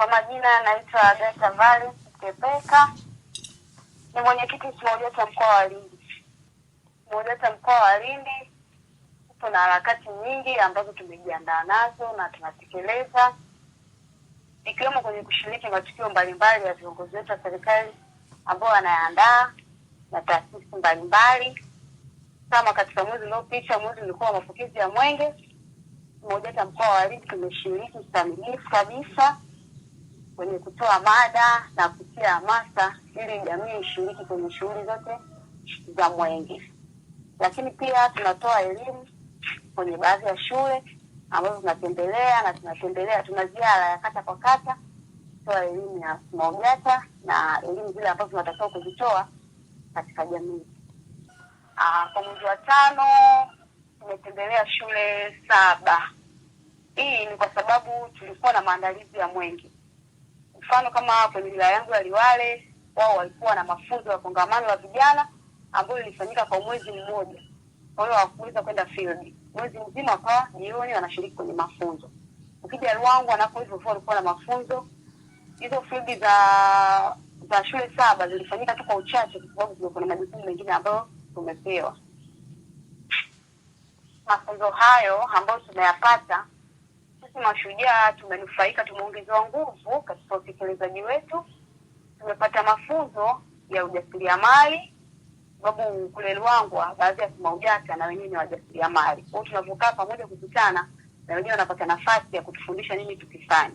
Kwa majina anaitwa Agatha Vale Kepeka, ni mwenyekiti MUWAUJATA mkoa wa Lindi. MUWAUJATA mkoa wa Lindi tuna harakati nyingi ambazo tumejiandaa nazo na tunatekeleza, ikiwemo kwenye kushiriki matukio mbalimbali ya viongozi wetu wa serikali ambao wanayaandaa na taasisi mbalimbali. Kama katika mwezi uliopita, mwezi ulikuwa wa mapokezi ya mwenge, MUWAUJATA mkoa wa Lindi tumeshiriki kikamilifu kabisa kwenye kutoa mada na kutia hamasa ili jamii ishiriki kwenye shughuli zote za Mwenge. Lakini pia tunatoa elimu kwenye baadhi ya shule ambazo tunatembelea na tunatembelea, tuna ziara ya kata kwa kata kutoa elimu ya maujata na elimu zile ambazo tunatakiwa kuzitoa katika jamii. Ah, kwa mwezi wa tano tumetembelea shule saba. Hii ni kwa sababu tulikuwa na maandalizi ya Mwenge mfano kama kwenye wilaya yangu ya Liwale, wao walikuwa na mafunzo ya kongamano la vijana ambayo lilifanyika kwa mwezi mmoja. Kwa hiyo hawakuweza kwenda field mwezi mzima, kwa jioni wanashiriki kwenye mafunzo. Ukija Ruangwa nako hivyo walikuwa na mafunzo hizo. Field za za shule saba zilifanyika tu kwa uchache, kwa sababu kulikuwa na majukumu mengine ambayo tumepewa. Mafunzo hayo ambayo tumeyapata sisi mashujaa tumenufaika, tumeongezewa nguvu katika utekelezaji wetu, tumepata mafunzo ya ujasiriamali sababu kule Luangwa baadhi ya maujata na wenyewe ni wajasiriamali. Kwa hiyo tunavyokaa pamoja kukutana, na wenyewe wanapata nafasi ya kutufundisha nini tukifanya,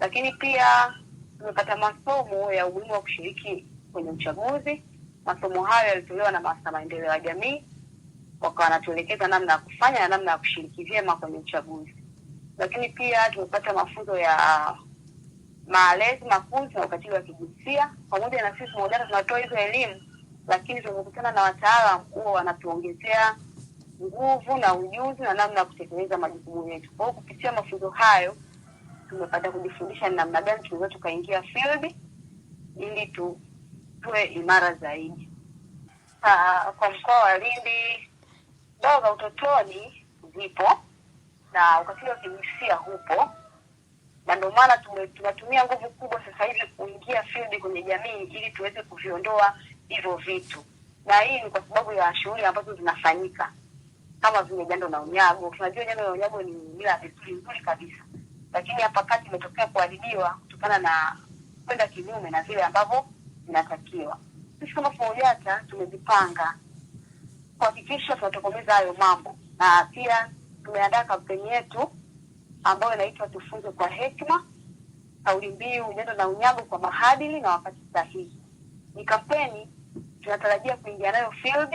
lakini pia tumepata masomo ya umuhimu wa kushiriki kwenye uchaguzi. Masomo hayo yalitolewa na maafisa maendeleo ya jamii, wakawa wanatuelekeza namna ya kufanya na namna ya kushiriki vyema kwenye uchaguzi lakini pia tumepata mafunzo ya malezi makuzi na ukatili wa kijinsia. Pamoja na sisi MAUDATA tunatoa hizo elimu, lakini tumekutana na wataalam huo wanatuongezea nguvu na ujuzi na namna ya kutekeleza majukumu yetu. Kwa kupitia mafunzo hayo tumepata kujifundisha ni namna gani tunaweza tukaingia field ili tuwe imara zaidi. Ah, kwa mkoa wa Lindi ndoa za utotoni zipo na ukatili wa hupo, na ndio maana tunatumia nguvu kubwa sasa hivi kuingia field kwenye jamii ili tuweze kuviondoa hivyo vitu, na hii ni kwa sababu ya shughuli ambazo zinafanyika kama vile jando na unyago. Tunajua jando na unyago ni mila ya desturi nzuri kabisa, lakini hapa kati imetokea kuadhibiwa kutokana na kwenda kinyume na vile ambavyo inatakiwa Sisi kama FOUJATA tumejipanga kuhakikisha tunatokomeza hayo mambo na pia tumeandaa kampeni yetu ambayo inaitwa tufunze kwa hekima, kauli mbiu neno na unyago kwa mahadili na wakati sahihi. Ni kampeni tunatarajia kuingia nayo field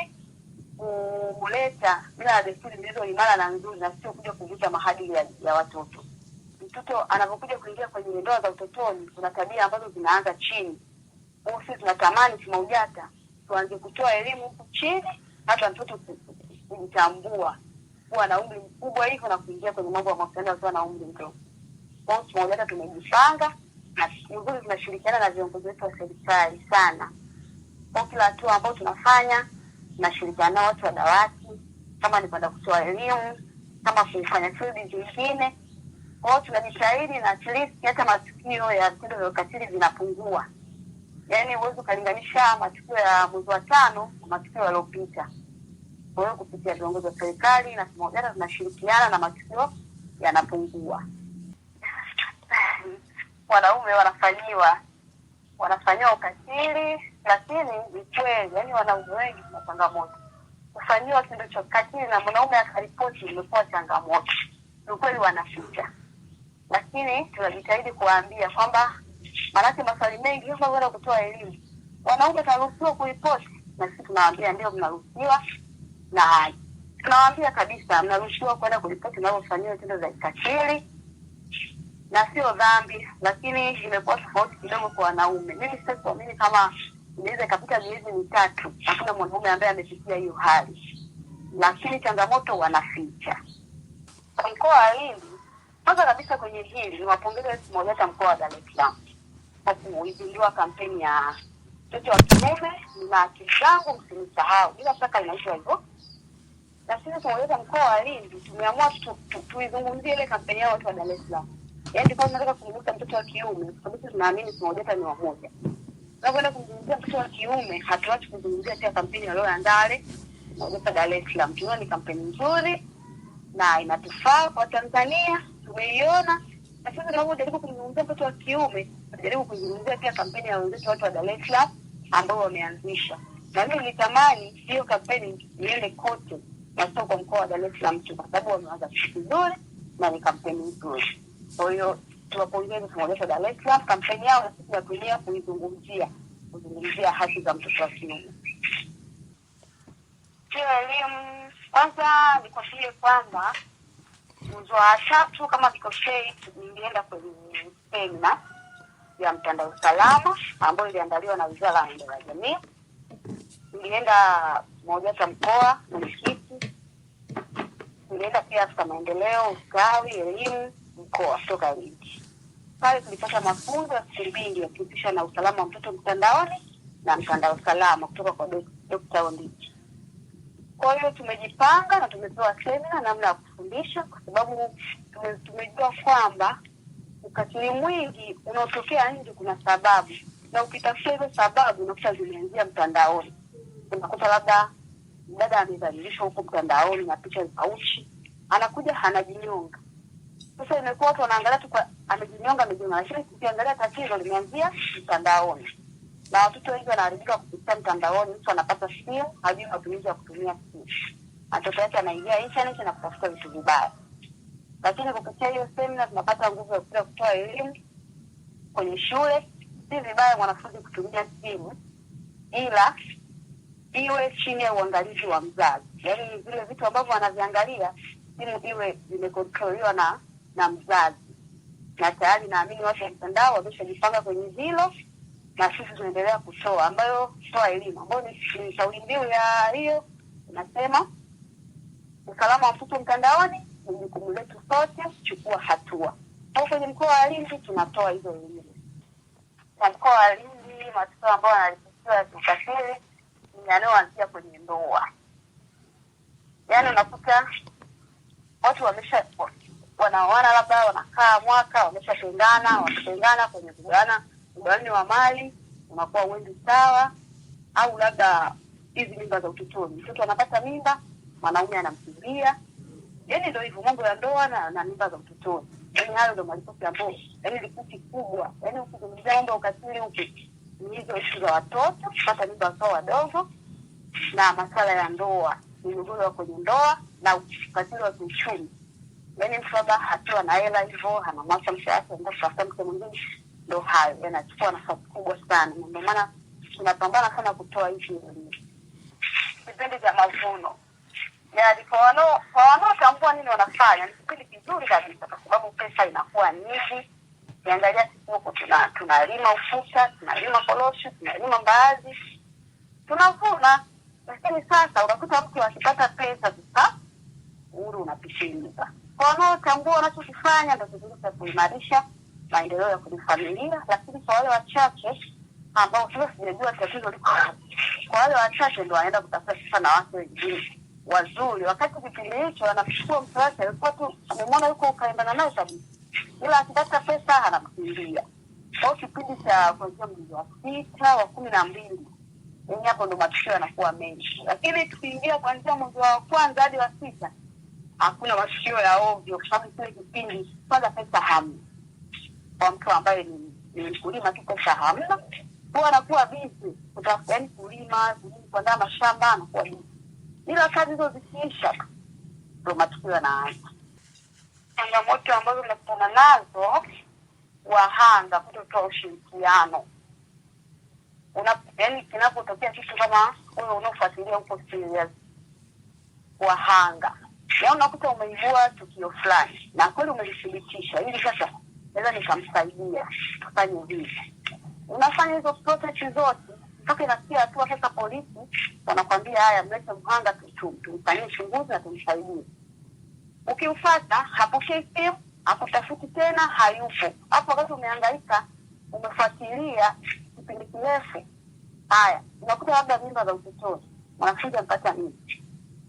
kuleta mila na desturi zilizo imara na nzuri, na sio kuja kuvuta mahadili ya, ya watoto. Mtoto anapokuja kuingia kwenye ndoa za utotoni, kuna tabia ambazo zinaanza chini. sisi tunatamani tumaujata tuanze kutoa elimu huku chini, hata mtoto kujitambua kuwa na umri mkubwa hivyo na kuingia kwenye mambo ya mahusiano akiwa na umri mdogo. Kwa hiyo tumoja hata tumejipanga na vizuri, tunashirikiana na viongozi wetu wa serikali sana. Kwa kila hatua ambayo tunafanya tunashirikiana na watu wa dawati, kama ni kwenda kutoa elimu, kama kufanya shughuli zingine. Kwa hiyo tunajitahidi na at least hata matukio ya vitendo vya ukatili vinapungua. Yaani huwezi ukalinganisha matukio ya mwezi wa tano na matukio yaliyopita. Kwa hiyo kupitia viongozi wa serikali na tumeungana, tunashirikiana na matukio yanapungua. Wanaume wanafanyiwa wanafanyiwa ukatili, lakini ni kweli, yani wanaume wengi kuna changamoto kufanyiwa kitendo cha ukatili na mwanaume akaripoti, imekuwa changamoto. Ni kweli wanaficha, lakini tunajitahidi kuwaambia kwamba, maanake maswali mengi kama kutoa elimu, wanaume tunaruhusiwa kuripoti, na sisi tunawaambia ndio mnaruhusiwa na Tunawaambia kabisa, mnaruhusiwa kwenda kuripoti mnavyofanyiwa tendo za kikatili na sio dhambi, lakini imekuwa tofauti kidogo kwa wanaume. Mimi sitaki kuamini kama inaweza ikapita miezi mitatu hakuna mwanaume ambaye amefikia hiyo hali, lakini changamoto wanaficha. Mkoa wa Lindi, kwanza kabisa kwenye hili ni wapongeze SMAUJATA mkoa wa Dar es Salaam kwa kuizindua kampeni ya mtoto wa kiume na haki zangu, msinisahau. Bila shaka inaitwa hivyo na sisi kuongeza mkoa wa Lindi tumeamua tuizungumzie ile kampeni yao watu wa Dar es Salaam. Yaani kwa tunataka kumgusa mtoto wa kiume kwa sababu sisi tunaamini tunaojata ni wamoja. Tunakwenda kumzungumzia mtoto wa kiume, hatuachi kuzungumzia pia kampeni ya Lola Ndale naojata Dar es Salaam. Tunaona ni kampeni nzuri na inatufaa kwa Tanzania, tumeiona na sisi tunapojaribu kumzungumzia mtoto wa kiume, tunajaribu kuzungumzia pia kampeni ya wenzetu watu wa Dar es Salaam ambao wameanzisha, na mimi nilitamani hiyo kampeni iende kote na sio kwa mkoa wa Dar es Salaam tu, kwa sababu wameanza vizuri na ni kampeni nzuri. Kwa hiyo tuwapongeze, tumeonyesha Dar es Salaam kampeni yao, na sisi tunatumia kuizungumzia, kuzungumzia haki za mtoto wa kiume. Sio elimu kwanza, nikwambie kwamba mwezi wa tatu kama sikosei, nilienda kwenye semina ya mtandao salama ambayo iliandaliwa na Wizara ya Maendeleo ya Jamii. Nilienda moja za mkoa na tulienda pia afisa maendeleo, ustawi, elimu, mkoa toka Lindi. Pale tulipata mafunzo ya siku mbili yakihusisha na usalama wa mtoto mtandaoni na mtandao salama kutoka kwa Dr. Onditi. Kwa hiyo tumejipanga na tumepewa semina namna ya kufundisha, kwa sababu tumejua kwamba ukatili mwingi unaotokea nje kuna sababu, na ukitafuta hizo sababu unakuta zimeanzia mtandaoni. Unakuta labda dada amedhalilishwa huko mtandaoni na picha za uchi, anakuja anajinyonga. Sasa imekuwa watu wanaangalia tu kwa amejinyonga, amejinyonga, lakini ukiangalia tatizo limeanzia mtandaoni, na watoto wengi wanaharibika kupitia mtandaoni. Mtu anapata simu hajui matumizi ya kutumia simu mtoto wake anaingia internet na kutafuta vitu vibaya. Lakini kupitia hiyo semina tunapata nguvu ya kuja kutoa elimu kwenye shule. Si vibaya mwanafunzi kutumia simu ila iwe chini ya uangalizi wa mzazi, yaani vile vitu ambavyo wanaviangalia simu iwe zimekontroliwa na na mzazi. Na tayari naamini watu wa mtandao wameshajipanga kwenye hilo, na sisi tunaendelea kutoa ambayo toa elimu ambayo ni kauli mbiu ya hiyo inasema, usalama wa mtoto mtandaoni ni jukumu letu sote, kuchukua hatua. Kwa kwenye mkoa wa Lindi tunatoa hizo elimu, kwa mkoa wa Lindi matukio ambayo yanaripotiwa ya kikatili yanayoanzia kwenye ndoa. Yaani unakuta watu wamesha wanaoana, labda wanakaa mwaka, wameshatengana, wametengana kwenye kugana ugawani wa mali unakuwa uendi sawa, au labda hizi mimba za utotoni, mtoto anapata mimba, mwanaume anamkimbia. yani ndo hivyo mambo ya ndoa na, na mimba za utotoni. Yani hayo ndo malipuki ambayo, yani lipuki kubwa, yani ukizungumzia mambo ya ukatili huku ni hizo ishu za watoto kupata mimba wakawa wadogo na masuala ya ndoa, migogoro ya kwenye ndoa na ukatili wa kiuchumi. Yaani mfaba labda na hela hivyo anamwacha msha yake enda kutafuta mke mwingine, ndo hayo yanachukua nafasi kubwa sana, na ndio maana tunapambana sana kutoa elimu. Kipindi cha mavuno. Yaani kwa wanao kwa wanaotambua nini wanafanya, ni kipindi kizuri kabisa, kwa sababu pesa inakuwa nyingi. Ukiangalia sisi huko tuna tunalima ufuta, tunalima korosho, tunalima mbaazi, tunavuna lakini sasa unakuta mtu akipata pesa sasa uhuru unapishinika. Kwa wanaotambua wanachokifanya ndo kizuri cha kuimarisha maendeleo ya kwenye familia, lakini kwa wale wachache ambao sasa sijajua tatizo liko kwa wale wachache ndo wanaenda kutafuta sasa na watu wengine wazuri, wakati kipindi hicho anamchukua mtu wake alikuwa tu amemwona yuko ukaendana naye kabisa, ila akipata pesa anamkimbia. Kwao kipindi cha kuanzia mwezi wa sita wa kumi na mbili yaani hapo ndo matukio yanakuwa mengi, lakini tukiingia kuanzia mwezi wa kwanza hadi wa sita hakuna matukio ya ovyo, kwa sababu kile kipindi kwanza pesa hamna. Kwa mtu ambaye ni, ni mkulima tu pesa hamna, huwa anakuwa bizi kutafuta, yaani kulima, kuandaa mashamba, anakuwa bizi, ila kazi hizo zikiisha ndo matukio yanaanza. Changamoto ambazo nakutana nazo, wahanga kutotoa ushirikiano una, yani kinapotokea kitu kama huyo unaofuatilia huko serious wahanga, yaani unakuta umeibua tukio fulani na kweli umelithibitisha, ili sasa naweza nikamsaidia tufanye hivi. Unafanya hizo process zote mpaka inafikia hatua sasa polisi wanakwambia, haya, mlete mhanga tumfanyie uchunguzi na tumsaidie. Ukimfata hapokei simu, hakutafuti tena, hayupo hapo. Wakati umehangaika umefuatilia kipindi kirefu. Haya, unakuta labda mimba za utotoni, mwanafunzi amepata mimba,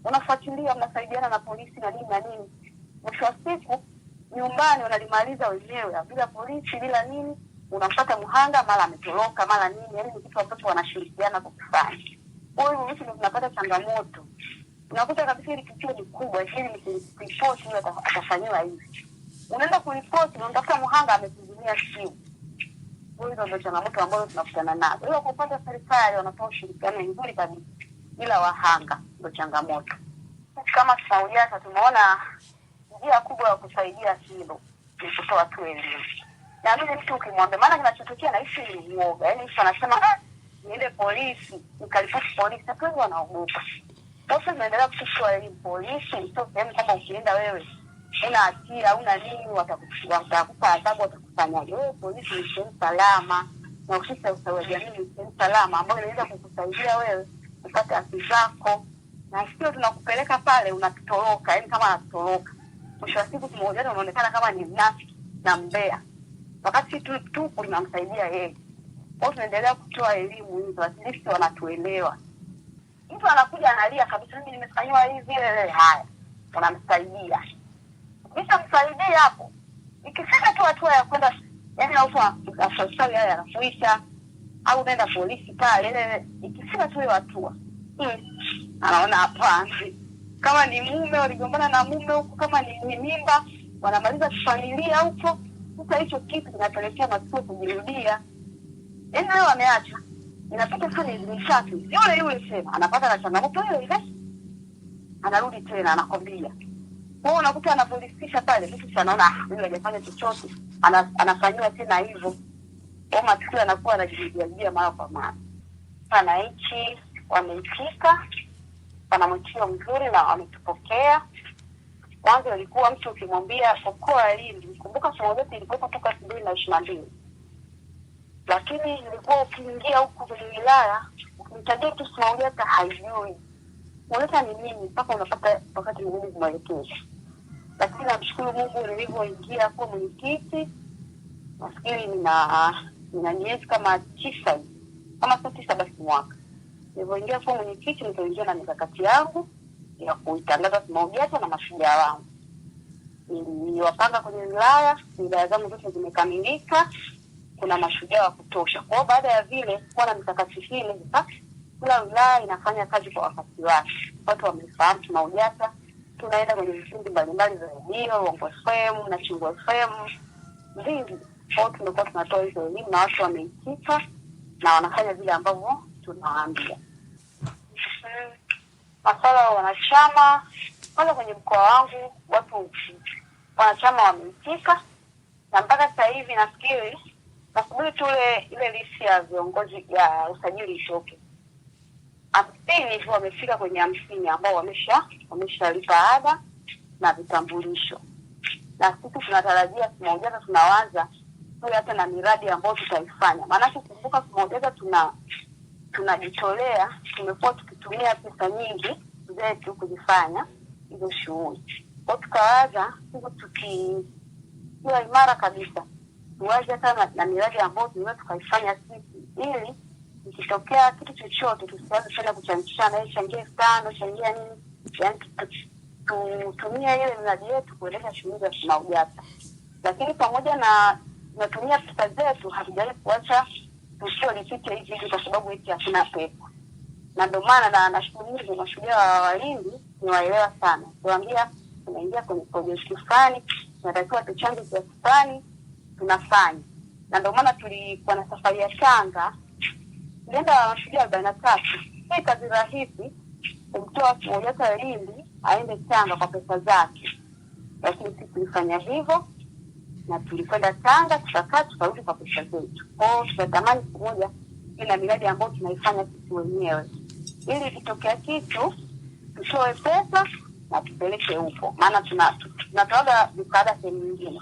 unafuatilia, mnasaidiana na polisi na nini na nini, mwisho wa siku nyumbani unalimaliza wenyewe bila polisi bila nini, unampata mhanga, mara ametoroka mara nini. Yani ni kitu ambacho wanashirikiana kukifanya. Kwa hiyo vitu ndio tunapata changamoto, unakuta kabisa hili kituo ni kubwa, hili nikiripoti huyo atafanyiwa hivi, unaenda kuripoti, unamtafuta mhanga, amekuzumia simu hizo ndio changamoto ambazo tunakutana nazo, ila kwa upande wa serikali wanatoa ushirikiano mzuri kabisa, ila wahanga ndio changamoto. Kama tunaujasa, tumeona njia kubwa ya kusaidia hilo ni kutoa tu elimu, na mimi mtu ukimwambia, maana kinachotokea nahisi ni uoga, yaani ¿eh? mtu anasema ah, niende polisi nikaripoti polisi, watu wengi wanaogopa. Sasa tunaendelea kutoa elimu, polisi sio sehemu kwamba ukienda wewe una hatia una nini, watakupa adhabu, kukusanyaje wewe, polisi ni sehemu salama, na ofisi ya ustawi wa jamii ni sehemu salama ambayo inaweza kukusaidia wewe kupata haki zako, na sio tunakupeleka pale unatutoroka, yani kama anatutoroka. Mwisho wa siku tumeojana, unaonekana kama ni mnafiki na mbea, wakati tu tupo tunamsaidia yeye. Kwao tunaendelea kutoa elimu hizo, at least wanatuelewa. Mtu anakuja analia kabisa, mimi nimefanyiwa hivi, haya, unamsaidia kisha msaidia hapo ikifika tu hatua ya kwenda yaani auastawi haya yanafuisha au naenda polisi pale, yaani ikifika tu hiyo hatua hmm, anaona hapana. Kama ni mume waligombana na mume huko, kama ni mimba wanamaliza familia huko. Sasa hicho kitu kinapelekea matukio kujirudia, yani leo ameacha inapata sana ni safi yule yule, sema anapata na changamoto ile ile, anarudi tena anakwambia kwa unakuta anapolisisha pale mtu anaona ah, huyu hajafanya chochote, anafanyiwa tena hivyo. Kwa matukio anakuwa anajirudia mara kwa mara. Wananchi wameitika, pana mwitikio mzuri na wametupokea. Kwanza ilikuwa mtu ukimwambia okoa lindi kumbuka somo letu ilikuwepo toka elfu mbili na ishirina mbili lakini ilikuwa ukiingia huku kwenye wilaya ukimtajia tu simauli haijui unaweza ni nini mpaka unapata wakati mgumu kumwelekeza. Lakini namshukuru Mungu nilivyoingia kuwa mwenyekiti, nafikiri nina nina miezi kama tisa kama sio tisa basi mwaka nilivyoingia kuwa mwenyekiti, nikaingia na mikakati yangu ya kuitangaza SMAUJATA na mashujaa wangu. Niliwapanga kwenye wilaya, wilaya zangu zote zimekamilika, kuna mashujaa wa kutosha. Kwa hiyo baada ya vile kuwa na mikakati hii sasa kila wilaya inafanya kazi kwa wakati wake, watu wamefahamu. Tuna ujata, tunaenda kwenye vipindi mbalimbali za redio Bongo FM na Chingo FM vingi kwao, tumekuwa tunatoa hizo elimu na watu wameitika na wanafanya vile ambavyo tunawaambia. Maswala ya wanachama, kwanza kwenye mkoa wangu watu wanachama wameitika, na mpaka sasa hivi nafikiri nasubiri tu ile lisi ya viongozi ya usajili itoke hamsini hivyo wamefika kwenye hamsini ambao wamesha wameshalipa ada na vitambulisho, na sisi tunatarajia Kimaujanja tunawaza tuwe hata na miradi ambayo tutaifanya, maanake kumbuka, Kimaujanja tuna tunajitolea, tumekuwa tukitumia pesa nyingi zetu kujifanya hizo shughuli kwao, tukawaza huku tukiwa imara kabisa tuwaze hata na miradi ambayo tunaweza tukaifanya sisi ili ikitokea kitu chochote tusianze sana kuchangishana, changia elfu tano, changia nini, tutumie ile mradi yetu kuendesha shughuli za SMAUJATA. Lakini pamoja na natumia pesa zetu, hatujawahi kuacha tusiolipite hivi hivi, kwa sababu eti hakuna pesa. Na ndio maana na nashukuru na mashujaa wa Walindi niwaelewa sana, tuambia tunaingia kwenye projekti fulani, tunatakiwa tuchange kiasi fulani, tunafanya. Na ndio maana tulikuwa na safari ya Tanga Uganda wa arobaini na tatu. Si kazi rahisi kumtoa Kenyatta Lindi aende Tanga kwa pesa zake, lakini si tulifanya hivyo na tulikwenda Tanga tukakaa tukarudi kwa pesa zetu. Kwao tunatamani siku moja na miradi ambayo tunaifanya sisi wenyewe, ili kitokea kitu tutoe pesa na tupeleke huko, maana tunatoaga misaada sehemu nyingine,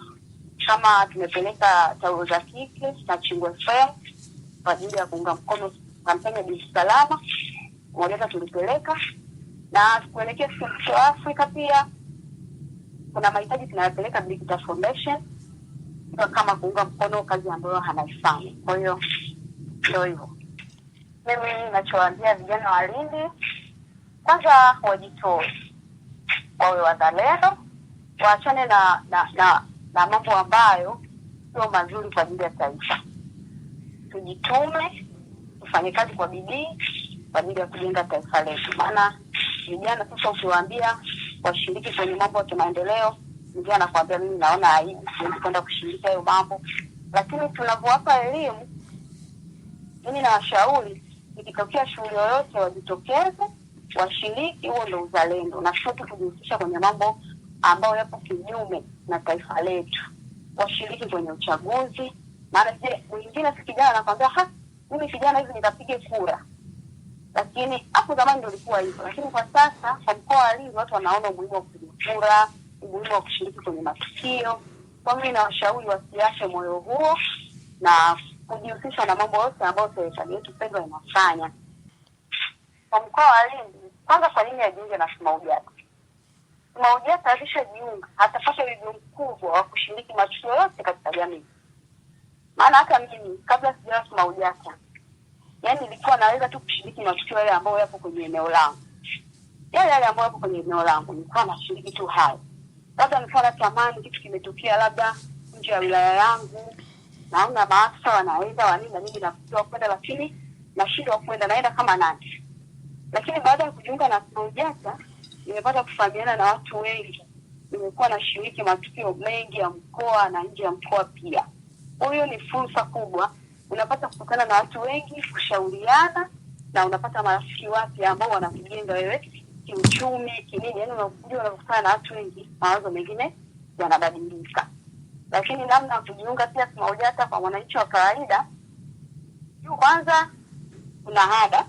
kama tumepeleka taulo za kike na Chingwe FM kwa ajili ya kuunga mkono kampeni ya Bibi Salama tulipeleka, na kuelekea Central afrika pia kuna mahitaji tunayapeleka Bikita Foundation kama kuunga mkono kazi ambayo hanaifanya Kwa hiyo ndio hivyo, mimi nachoambia vijana wa Lindi, kwanza wajitoe, wawe wazalendo, waachane na na, na na mambo ambayo sio mazuri kwa ajili ya taifa tujitume, tufanye kazi kwa bidii kwa ajili ya kujenga taifa letu. Maana vijana sasa, ukiwaambia washiriki kwenye mambo ya kimaendeleo, mzee anakuambia mimi naona aibu, siwezi kwenda kushiriki hayo mambo. Lakini tunavyowapa elimu, mimi nawashauri, ikitokea shughuli yoyote wajitokeze, washiriki. Huo ndo uzalendo, na sio tu kujihusisha kwenye mambo ambayo yapo kinyume na taifa letu. Washiriki kwenye uchaguzi maana je, mwingine si kijana anakwambia ha, mimi kijana hivi nitapige kura. Lakini hapo zamani ndo ilikuwa hivyo, lakini kwa sasa kwa mkoa alivyo, watu wanaona umuhimu wa kupiga kura, umuhimu wa kushiriki kwenye matukio. Kwa mimi nawashauri wasiache moyo huo na kujihusisha na mambo yote ambayo serikali yetu pendwa inafanya kwa mkoa wa Lindi. Kwanza, kwa nini ajiunge na simaujata simaujata alishajiunga atapata wivyo mkubwa wa kushiriki matukio yote katika jamii. Maana hata mimi kabla sijawa SMAUJATA, yani yaani nilikuwa naweza tu kushiriki matukio yale ambayo yapo kwenye eneo langu, yale yale ambayo yapo kwenye eneo langu nilikuwa nashiriki tu hayo. Labda nilikuwa tamani kitu kimetokea labda nje ya wilaya yangu, naona maafisa wanaweza wanini na mimi nafutiwa kwenda, lakini nashindwa kwenda, naenda kama nani. Lakini baada ya kujiunga na SMAUJATA nimepata kufahamiana na watu wengi, nimekuwa nashiriki matukio mengi ya mkoa na nje ya mkoa pia. Huyo ni fursa kubwa, unapata kukutana na watu wengi, kushauriana na unapata marafiki wapya ambao wanakujenga wewe kiuchumi, kinini. Yani unakuja unakutana na watu wengi, mawazo mengine yanabadilika. Lakini namna ya kujiunga pia kimahoja, hata kwa mwananchi wa kawaida, juu kwanza kuna ada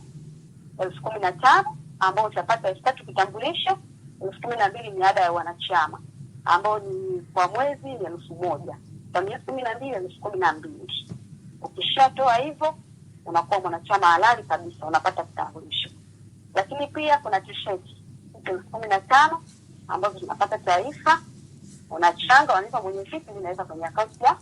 elfu kumi na tano ambao utapata elfu tatu kitambulisho, elfu kumi na mbili ni ada ya wanachama ambao ni kwa mwezi ni elfu moja kwa miezi kumi na mbili na miezi kumi na mbili. Ukishatoa hivyo unakuwa mwanachama halali kabisa, unapata kitambulisho. Lakini pia kuna tisheti elfu kumi na tano ambazo zinapata taarifa, unachanga unaweka mwenye vipi, kwenye akaunti ya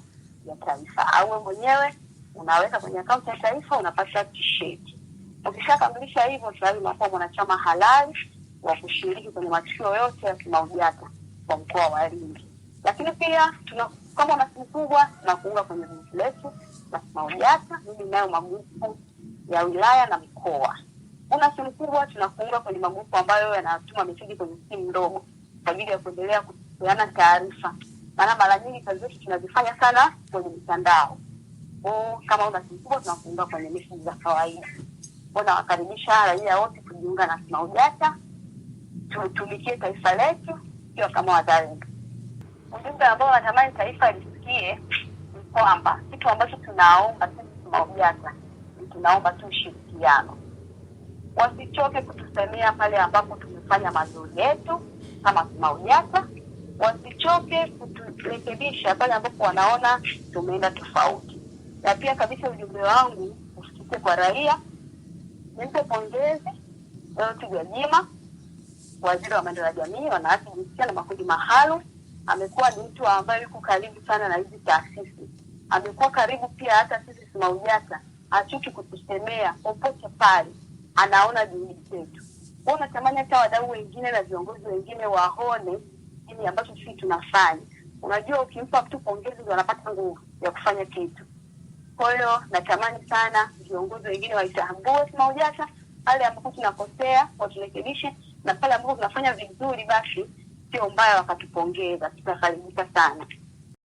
ya taifa au mwenyewe unaweka kwenye akaunti ya taifa, unapata tisheti. Ukishakamilisha hivyo, tayari unakuwa mwanachama halali wa kushiriki kwenye matukio yote ya kimaujata kwa mkoa wa Lindi. Lakini pia tuna kama una simu kubwa kuunga kwenye gurupu letu la SMAUJATA. Mimi nayo magrupu ya wilaya na mikoa Una simu kubwa tunakuunga kwenye magrupu ambayo yanatuma meseji kwenye simu ndogo kwa ajili ya kuendelea kupeana taarifa, maana mara nyingi kazi zetu tunazifanya sana kwenye mitandao. o, Kama una simu kubwa tunakuunga kwenye meseji za kawaida. Nawakaribisha raia wote kujiunga na SMAUJATA, tutumikie taifa letu, sio kama wazalendo ujumbe ambao natamani taifa lisikie ni kwamba kitu ambacho tunaomba sisi tuna ni tunaomba tu ushirikiano, wasichoke kutusemea pale ambapo tumefanya mazuri yetu kama SMAUJATA, wasichoke kuturekebisha pale ambapo wanaona tumeenda tofauti. Na pia kabisa, ujumbe wangu usikike kwa raia, nimpe pongezi Dorothy Gwajima, waziri wa maendeleo ya jamii, wanawake, jinsia na makundi maalum amekuwa ni mtu ambaye yuko karibu sana na hizi taasisi, amekuwa karibu pia hata sisi SMAUJATA, hachuki kutusemea popote pale, anaona juhudi zetu. Kwa unatamani hata wadau wengine na viongozi wengine waone nini ambacho sisi tunafanya. Unajua, ukimpa mtu pongezi ndio anapata nguvu ya kufanya kitu. Kwa hiyo natamani sana viongozi wengine waitambue SMAUJATA, pale ambapo tunakosea waturekebishe, na pale ambapo tunafanya vizuri basi sio mbaya, wakatupongeza, tutafarijika sana.